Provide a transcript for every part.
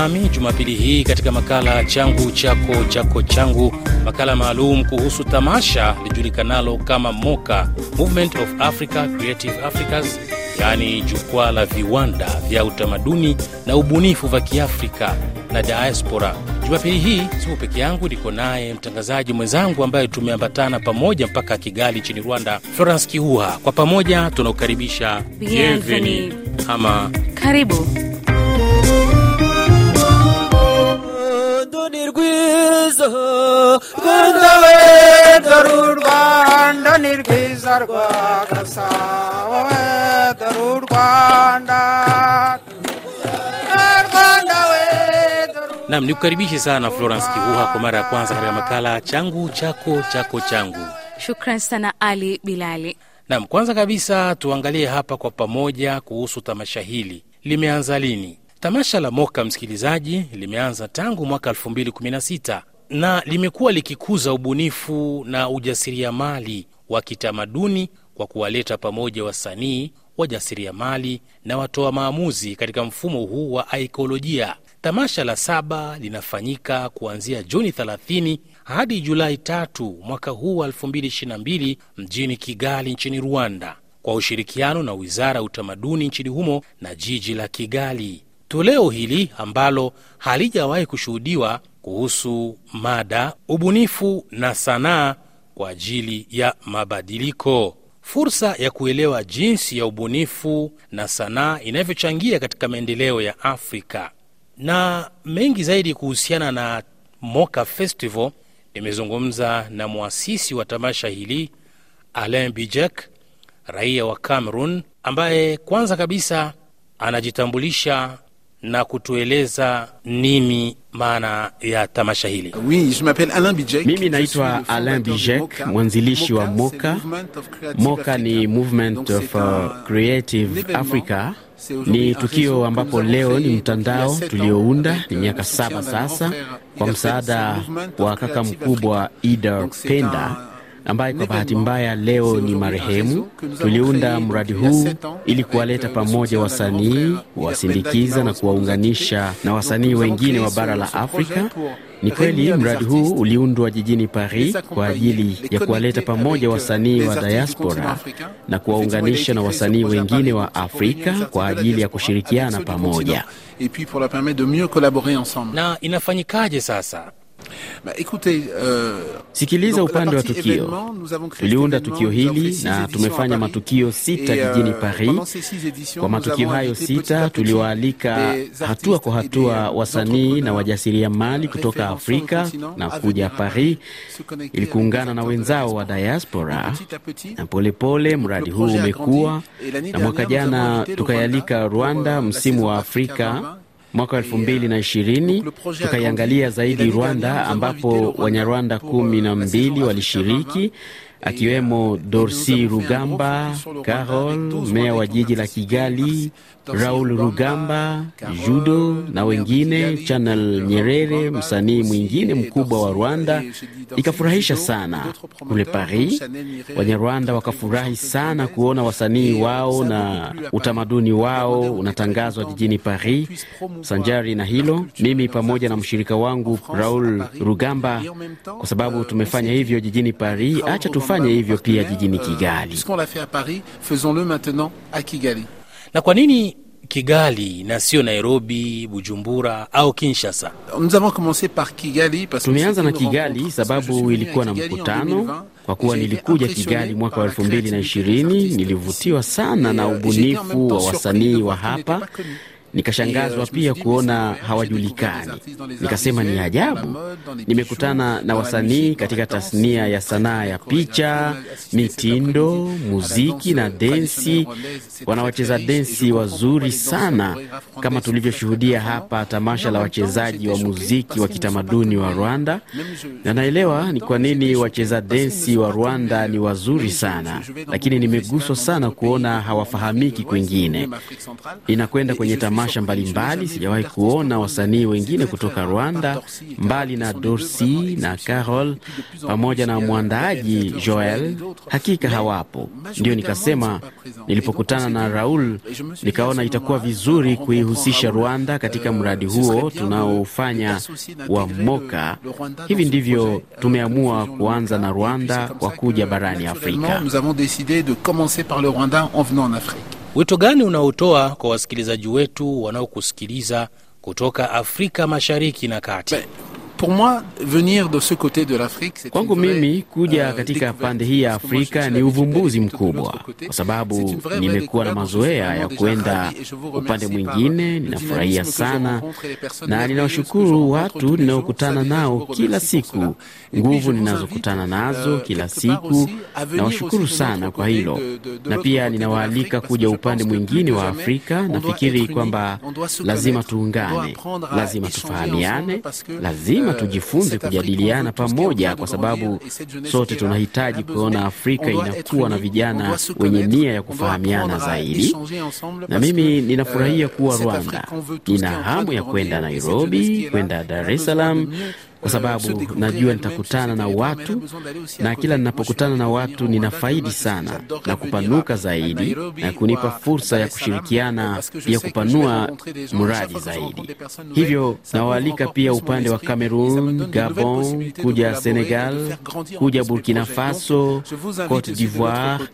nami Jumapili hii katika makala changu chako chako changu, makala maalum kuhusu tamasha lijulikanalo kama moka Movement of Africa Creative Africas, yaani jukwaa la viwanda vya utamaduni na ubunifu vya Kiafrika na diaspora. Jumapili hii sio peke yangu, niko naye mtangazaji mwenzangu ambaye tumeambatana pamoja mpaka Kigali nchini Rwanda, Florence Kiua. Kwa pamoja tunaokaribisha yeveni ama karibu nam ni Bhand Nam, nikukaribishe sana Florence Kihuha kwa mara ya kwanza katika makala changu chako chako changu. Shukran sana Ali Bilali. Nam, kwanza kabisa tuangalie hapa kwa pamoja kuhusu tamasha hili limeanza lini. Tamasha la Moka, msikilizaji, limeanza tangu mwaka na limekuwa likikuza ubunifu na ujasiriamali wa kitamaduni kwa kuwaleta pamoja wasanii, wajasiriamali na watoa maamuzi katika mfumo huu wa aikolojia. Tamasha la saba linafanyika kuanzia Juni 30 hadi Julai 3 mwaka huu wa 222 mjini Kigali nchini Rwanda kwa ushirikiano na Wizara ya Utamaduni nchini humo na jiji la Kigali. Toleo hili ambalo halijawahi kushuhudiwa kuhusu mada ubunifu na sanaa kwa ajili ya mabadiliko. Fursa ya kuelewa jinsi ya ubunifu na sanaa inavyochangia katika maendeleo ya Afrika na mengi zaidi kuhusiana na Moka Festival. Nimezungumza na mwasisi wa tamasha hili Alain Bijek, raia wa cameron ambaye kwanza kabisa anajitambulisha na kutueleza nini maana ya tamasha hili. Mimi naitwa Alain Bijek, mwanzilishi wa Moka. Moka ni Movement of Creative Africa. Uh, ni tukio ambapo leo ni mtandao tuliounda, ni euh, miaka saba sasa, kwa msaada wa kaka mkubwa Ida Penda ambaye kwa bahati mbaya leo ni marehemu. Tuliunda mradi huu ili kuwaleta pamoja wasanii, kuwasindikiza na kuwaunganisha na wasanii wengine wa bara la Afrika. Ni kweli mradi huu uliundwa jijini Paris kwa ajili ya kuwaleta pamoja wasanii wa diaspora na kuwaunganisha na wasanii wengine wa Afrika kwa ajili ya kushirikiana pamoja. Na inafanyikaje sasa? Euh, Sikiliza upande wa tukio. Tuliunda tukio hili na tumefanya matukio sita euh, jijini Paris. Kwa matukio hayo sita, tuliwaalika hatua kwa hatua wasanii na wajasiriamali kutoka Afrika na kuja Paris ili kuungana na wenzao wa diaspora, na polepole mradi huu umekuwa na mwaka jana tukayalika Rwanda, euh, msimu wa Afrika Mwaka wa elfu mbili na ishirini tukaiangalia zaidi Rwanda, ambapo Wanyarwanda euh, kumi na mbili walishiriki akiwemo euh, Dorsi Rugamba Carol, meya wa jiji la Kigali, Raul Rugamba, Judo na wengine, Channel Nyerere, msanii mwingine mkubwa wa Rwanda. Ikafurahisha sana kule Paris, Wanyarwanda wakafurahi sana kuona wasanii wao na utamaduni wao unatangazwa jijini Paris. Sanjari na hilo, mimi pamoja na mshirika wangu Raul Rugamba, kwa sababu tumefanya hivyo jijini Paris, acha tufanye hivyo pia jijini Kigali. Na kwa nini Kigali na sio Nairobi, Bujumbura au Kinshasa? Tumeanza na Kigali sababu ilikuwa na mkutano. Kwa kuwa nilikuja Kigali mwaka wa elfu mbili na ishirini, nilivutiwa sana na euh, ubunifu wa wasanii wa hapa Nikashangazwa pia kuona hawajulikani, nikasema ni ajabu. Nimekutana na wasanii katika tasnia ya sanaa ya picha, mitindo, muziki na densi. Wanawacheza densi wazuri sana, kama tulivyoshuhudia hapa tamasha la wachezaji wa muziki wa kitamaduni wa Rwanda, na naelewa ni kwa nini wacheza densi wa Rwanda ni wazuri sana, lakini nimeguswa sana kuona hawafahamiki kwingine. Inakwenda kwenye tamasha tamasha mbalimbali. Sijawahi kuona wasanii wengine kutoka Rwanda mbali na Dorsi na Carol pamoja na mwandaaji Joel, hakika hawapo. Ndio nikasema nilipokutana na Raul, nikaona itakuwa vizuri kuihusisha Rwanda katika mradi huo tunaofanya wa Moka. Hivi ndivyo tumeamua kuanza na Rwanda kwa kuja barani Afrika. Wito gani unaotoa kwa wasikilizaji wetu wanaokusikiliza kutoka Afrika Mashariki na Kati? Be Kwangu mimi kuja euh, katika pande hii ya Afrika ni uvumbuzi mkubwa, kwa sababu nimekuwa na mazoea ya kwenda upande mwingine. Ninafurahia sana na ninawashukuru watu ninaokutana nao kila siku, nguvu ninazokutana nazo euh, kila siku. Nawashukuru sana kwa hilo, na pia ninawaalika kuja upande mwingine wa Afrika. Nafikiri kwamba lazima tuungane, lazima tufahamiane, lazima lazima tujifunze kujadiliana pamoja, kwa sababu sote tunahitaji kuona Afrika inakuwa na vijana wenye nia ya kufahamiana zaidi. Na mimi ninafurahia euh, kuwa Rwanda, nina hamu ya kwenda Nairobi, kwenda Dar es Salaam kwa sababu najua nitakutana na watu na kila ninapokutana na watu ninafaidi sana na kupanuka zaidi na kunipa fursa ya kushirikiana ya kupanua mradi zaidi. Hivyo nawaalika pia upande wa cameron Gabon, kuja Senegal, kuja Burkina Faso, Cote d'Ivoire,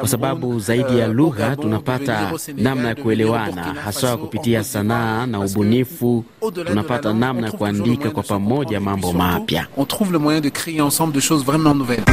kwa sababu zaidi ya euh, lugha tunapata namna ya kuelewana, haswa kupitia sanaa na ubunifu. Tunapata namna ya kuandika kwa pamoja mambo mapya. On trouve le moyen de créer ensemble de choses vraiment nouvelles.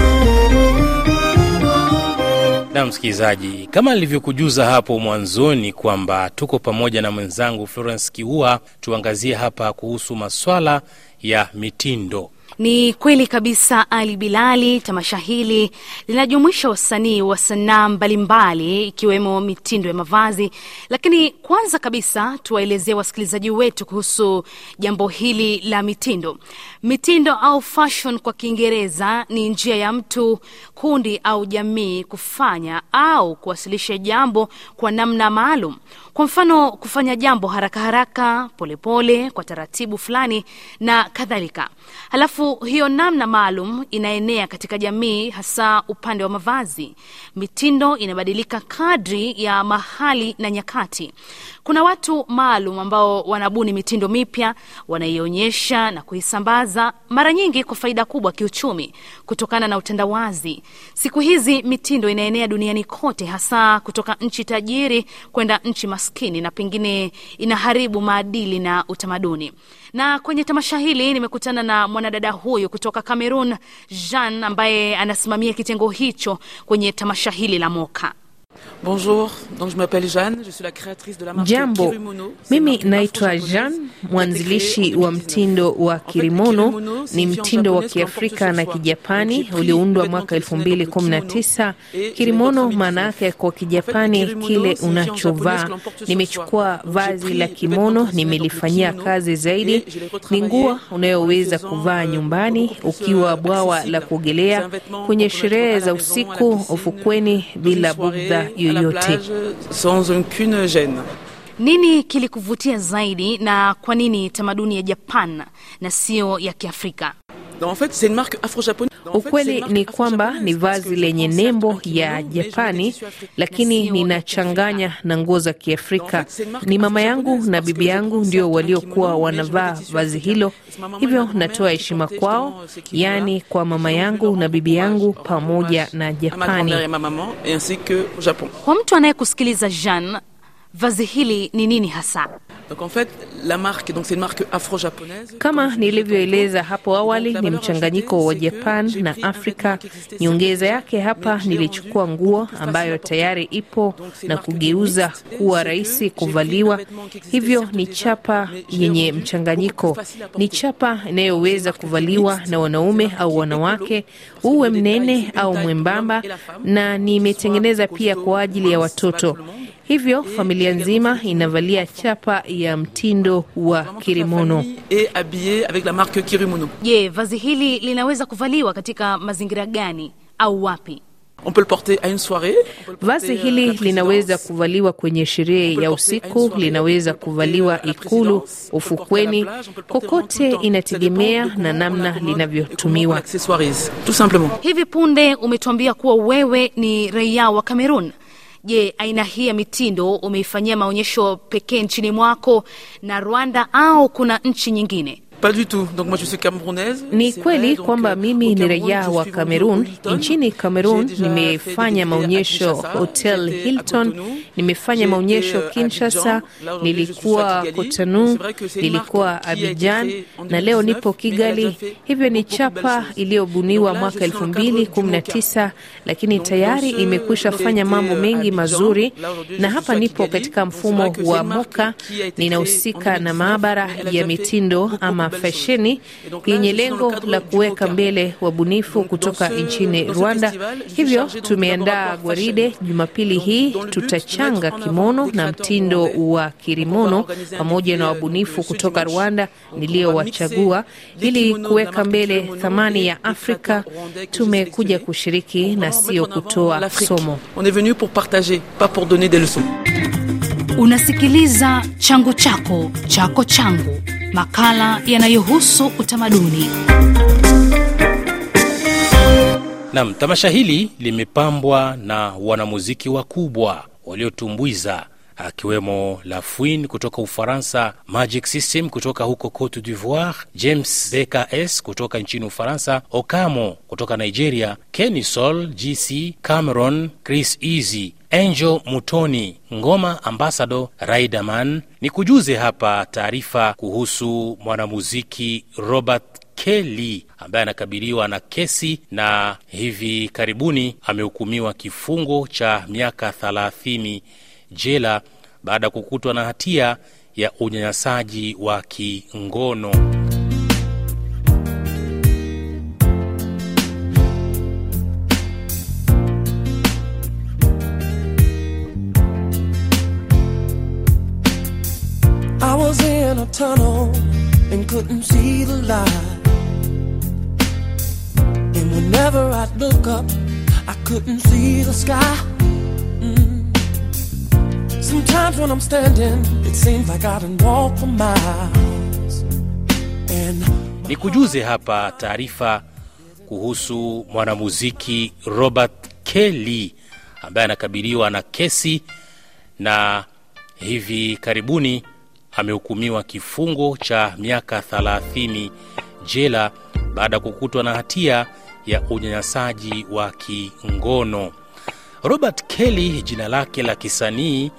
Na msikilizaji, kama nilivyokujuza hapo mwanzoni kwamba tuko pamoja na mwenzangu Florence Kiua, tuangazie hapa kuhusu maswala ya mitindo. Ni kweli kabisa, Ali Bilali. Tamasha hili linajumuisha wasanii wa sanaa mbalimbali ikiwemo mitindo ya mavazi, lakini kwanza kabisa tuwaelezee wasikilizaji wetu kuhusu jambo hili la mitindo. Mitindo au fashion kwa Kiingereza ni njia ya mtu, kundi au jamii kufanya au kuwasilisha jambo kwa namna maalum. Kwa mfano, kufanya jambo haraka haraka, polepole pole, kwa taratibu fulani na kadhalika. Halafu hiyo namna maalum inaenea katika jamii, hasa upande wa mavazi. Mitindo inabadilika kadri ya mahali na nyakati. Kuna watu maalum ambao wanabuni mitindo mipya, wanaionyesha na kuisambaza Gaza, mara nyingi kwa faida kubwa kiuchumi kutokana na utandawazi. Siku hizi mitindo inaenea duniani kote, hasa kutoka nchi tajiri kwenda nchi maskini, na pengine inaharibu maadili na utamaduni. Na kwenye tamasha hili nimekutana na mwanadada huyu kutoka Cameroon, Jean, ambaye anasimamia kitengo hicho kwenye tamasha hili la Moka. Bonjour, donc je m'appelle Jeanne, je suis la créatrice de la marque Jambo. Kirimono. Mimi naitwa Jeanne, mwanzilishi wa mtindo wa Kirimono. Ni mtindo wa Kiafrika na Kijapani ulioundwa mwaka 2019. Kirimono maana yake kwa Kijapani kile unachovaa. Nimechukua vazi la kimono, nimelifanyia kazi zaidi. Ni nguo unayoweza kuvaa euh, nyumbani, ukiwa bwawa la kuogelea, kwenye sherehe za usiku, ufukweni, bila bugdha yoyote nini kilikuvutia zaidi na kwa nini tamaduni ya Japan na sio ya Kiafrika? Ukweli ni kwamba ni vazi lenye nembo ya Japani, lakini ninachanganya na nguo za Kiafrika. Ni mama yangu na bibi yangu ndio waliokuwa wanavaa vazi hilo, hivyo natoa heshima kwao, yaani kwa mama yangu na bibi yangu pamoja na Japani. Kwa mtu anayekusikiliza Jean Vazi hili ni nini hasa? Kama nilivyoeleza hapo awali, ni mchanganyiko wa Japan na Afrika. Nyongeza yake hapa, nilichukua nguo ambayo tayari ipo na kugeuza kuwa rahisi kuvaliwa. Hivyo ni chapa yenye mchanganyiko, ni chapa inayoweza kuvaliwa na wanaume au wanawake, uwe mnene au mwembamba, na nimetengeneza pia kwa ajili ya watoto hivyo familia nzima inavalia chapa ya mtindo wa kirimono. Je, vazi hili linaweza kuvaliwa katika mazingira gani au wapi? On peut le porter une Vazi hili linaweza kuvaliwa kwenye sherehe ya usiku, linaweza kuvaliwa ikulu, ufukweni, kokote, inategemea na namna linavyotumiwa. Hivi punde umetuambia kuwa wewe ni raia wa Kamerun. Je, aina hii ya mitindo umeifanyia maonyesho pekee nchini mwako na Rwanda au kuna nchi nyingine? Ni kweli kwamba euh, mimi ni raia wa cameron Nchini cameron nimefanya maonyesho Hotel Hilton, nimefanya maonyesho euh, Kinshasa, nilikuwa kotanu nilikuwa Abidjan na leo nipo Kigali. Hivyo ni chapa iliyobuniwa mwaka tisa, lakini tayari imekwisha fanya mambo mengi mazuri, na hapa nipo katika mfumo wa moka ninahusika na maabara ya mitindo ama fesheni yenye lengo la kuweka mbele wabunifu kutoka nchini Rwanda. Hivyo tumeandaa gwaride Jumapili hii, tutachanga kimono na mtindo wa kirimono pamoja na wabunifu kutoka Rwanda niliyowachagua ili kuweka mbele thamani ya Afrika. Tumekuja kushiriki na sio kutoa somo. Unasikiliza changu chako chako changu makala yanayohusu utamaduni. Nam, tamasha hili limepambwa na wanamuziki wakubwa waliotumbwiza akiwemo lafuin kutoka Ufaransa, Magic System kutoka huko Cote d'Ivoire, James BKS kutoka nchini Ufaransa, Okamo kutoka Nigeria, Sol GC, Cameron, Chris Easy, Angel Mutoni Ngoma, ambassado Raidaman. Ni kujuze hapa taarifa kuhusu mwanamuziki Robert Kelly ambaye anakabiliwa na kesi na hivi karibuni amehukumiwa kifungo cha miaka thelathini jela baada ya kukutwa na hatia ya unyanyasaji wa kingono. I couldn't see the sky. Sometimes when I'm standing, it seems like I done walked for miles. And Nikujuze hapa taarifa kuhusu mwanamuziki Robert Kelly ambaye anakabiliwa na kesi na hivi karibuni amehukumiwa kifungo cha miaka 30 jela baada ya kukutwa na hatia ya unyanyasaji wa kingono. Robert Kelly, jina lake la kisanii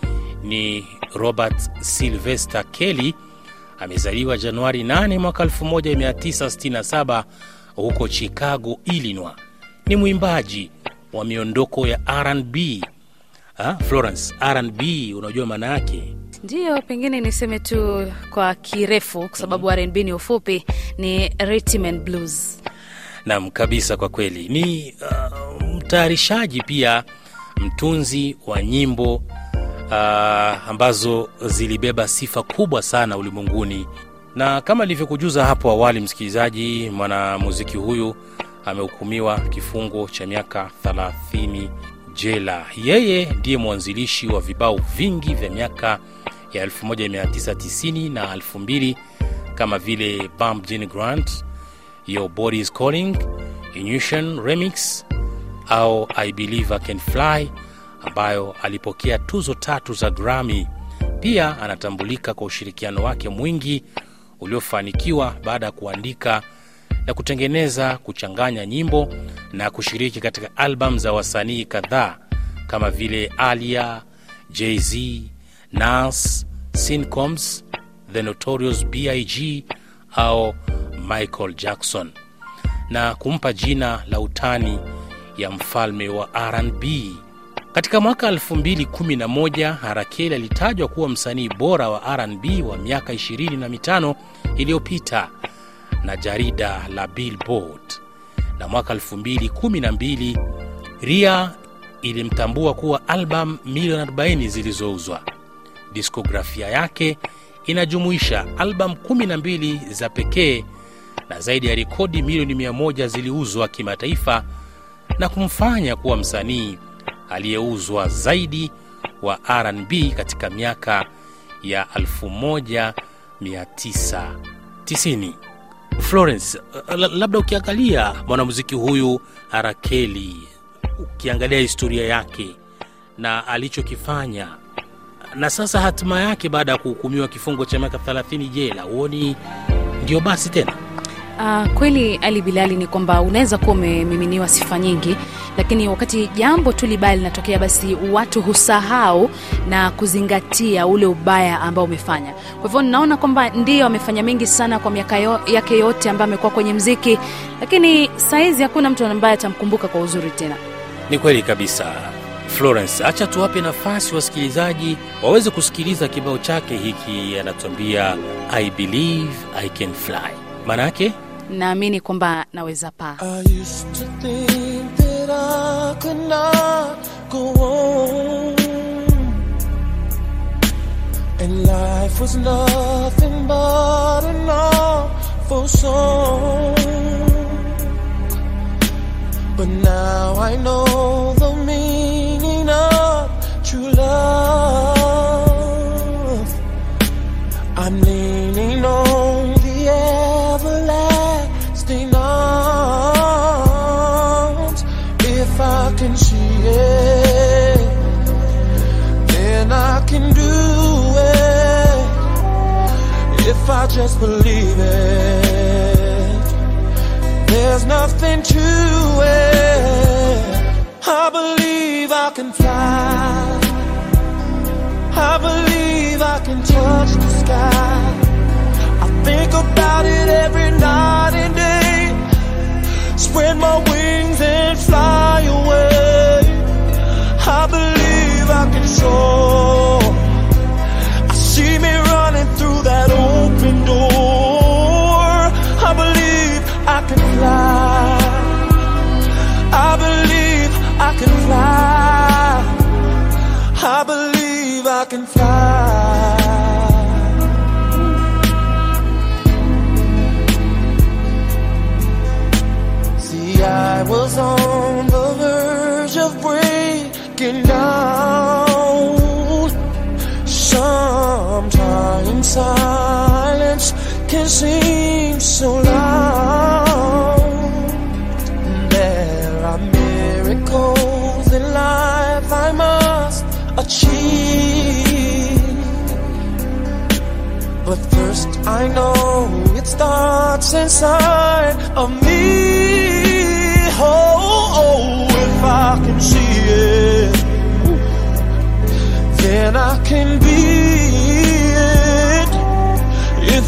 ni Robert Sylvester Kelly amezaliwa Januari 8 mwaka 1967 huko Chicago, Illinois. Ni mwimbaji wa miondoko ya R&B. Florence, R&B unajua maana yake? Ndiyo, pengine niseme tu kwa kirefu, kwa sababu mm-hmm. R&B ni ufupi, ni rhythm and blues. Naam, kabisa, kwa kweli ni uh, mtayarishaji pia mtunzi wa nyimbo uh, ambazo zilibeba sifa kubwa sana ulimwenguni na kama ilivyokujuza hapo awali msikilizaji mwanamuziki huyu amehukumiwa kifungo cha miaka 30 jela yeye ndiye mwanzilishi wa vibao vingi vya miaka ya 1990 na 2000 kama vile bam jin grant your body is calling inution remix au i believe i can fly ambayo alipokea tuzo tatu za Grammy. Pia anatambulika kwa ushirikiano wake mwingi uliofanikiwa baada ya kuandika na kutengeneza, kuchanganya nyimbo na kushiriki katika albamu za wasanii kadhaa kama vile Alia, Jay-Z, Nas, sincoms The Notorious B.I.G. au Michael Jackson na kumpa jina la utani ya mfalme wa R&B. Katika mwaka 2011 Harakeli alitajwa kuwa msanii bora wa rnb wa miaka 25 iliyopita na jarida la Billboard. Na mwaka 2012 Ria ilimtambua kuwa albamu milioni 40 zilizouzwa. Diskografia yake inajumuisha albamu 12 za pekee na zaidi ya rekodi milioni 100 ziliuzwa kimataifa na kumfanya kuwa msanii aliyeuzwa zaidi wa rnb katika miaka ya 1990 florence uh, labda ukiangalia mwanamuziki huyu arakeli ukiangalia historia yake na alichokifanya na sasa hatima yake baada ya kuhukumiwa kifungo cha miaka 30 jela huoni ndio basi tena Uh, kweli Ali Bilali, ni kwamba unaweza kuwa umemiminiwa sifa nyingi, lakini wakati jambo tu libaya linatokea, basi watu husahau na kuzingatia ule ubaya ambao umefanya. Kwa hivyo ninaona kwamba ndiyo amefanya mengi sana kwa miaka yake yote ambayo amekuwa kwenye mziki, lakini saizi hakuna mtu ambaye atamkumbuka kwa uzuri tena. Ni kweli kabisa. Florence, acha tuwape nafasi wasikilizaji waweze kusikiliza kibao chake hiki, anatuambia I believe I can fly. Manake naamini kwamba naweza paa. And life was nothing but an awful song. But now I know the meaning of true love. I'm leaning on. just believe it. There's nothing to it. I believe I can fly. I believe I can touch the sky. I think about it every night and day. Spread my wings. In silence can seem so loud. There are miracles in life I must achieve. But first, I know it starts inside of me. Oh, oh if I can see it, then I can be.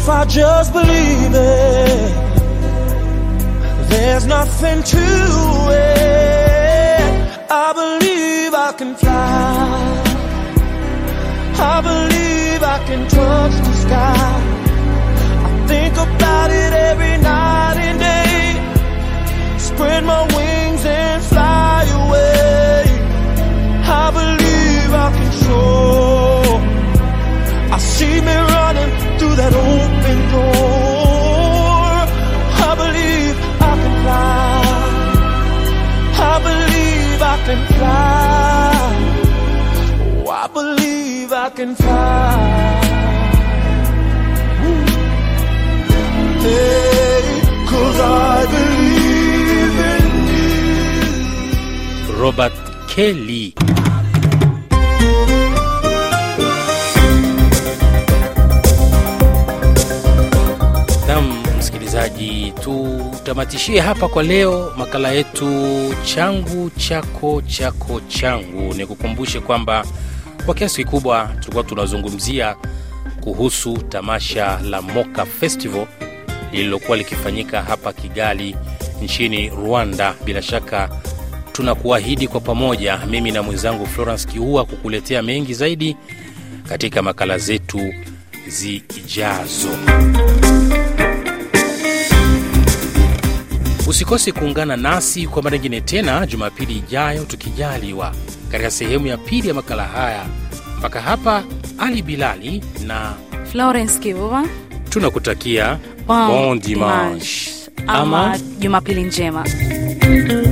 If I just believe it, there's nothing to it. Robert Kelly. msikilizaji, tutamatishie hapa kwa leo makala yetu changu chako chako changu. Nikukumbushe kwamba kwa kiasi kikubwa tulikuwa tunazungumzia kuhusu tamasha la Moka Festival lililokuwa likifanyika hapa Kigali nchini Rwanda. Bila shaka tunakuahidi kwa pamoja, mimi na mwenzangu Florence Kiua, kukuletea mengi zaidi katika makala zetu zijazo. Usikose kuungana nasi kwa mara ingine tena Jumapili ijayo tukijaliwa, katika sehemu ya pili ya makala haya. Mpaka hapa, Ali Bilali na Florence kiua tunakutakia bon, bon dimanche ama Jumapili njema.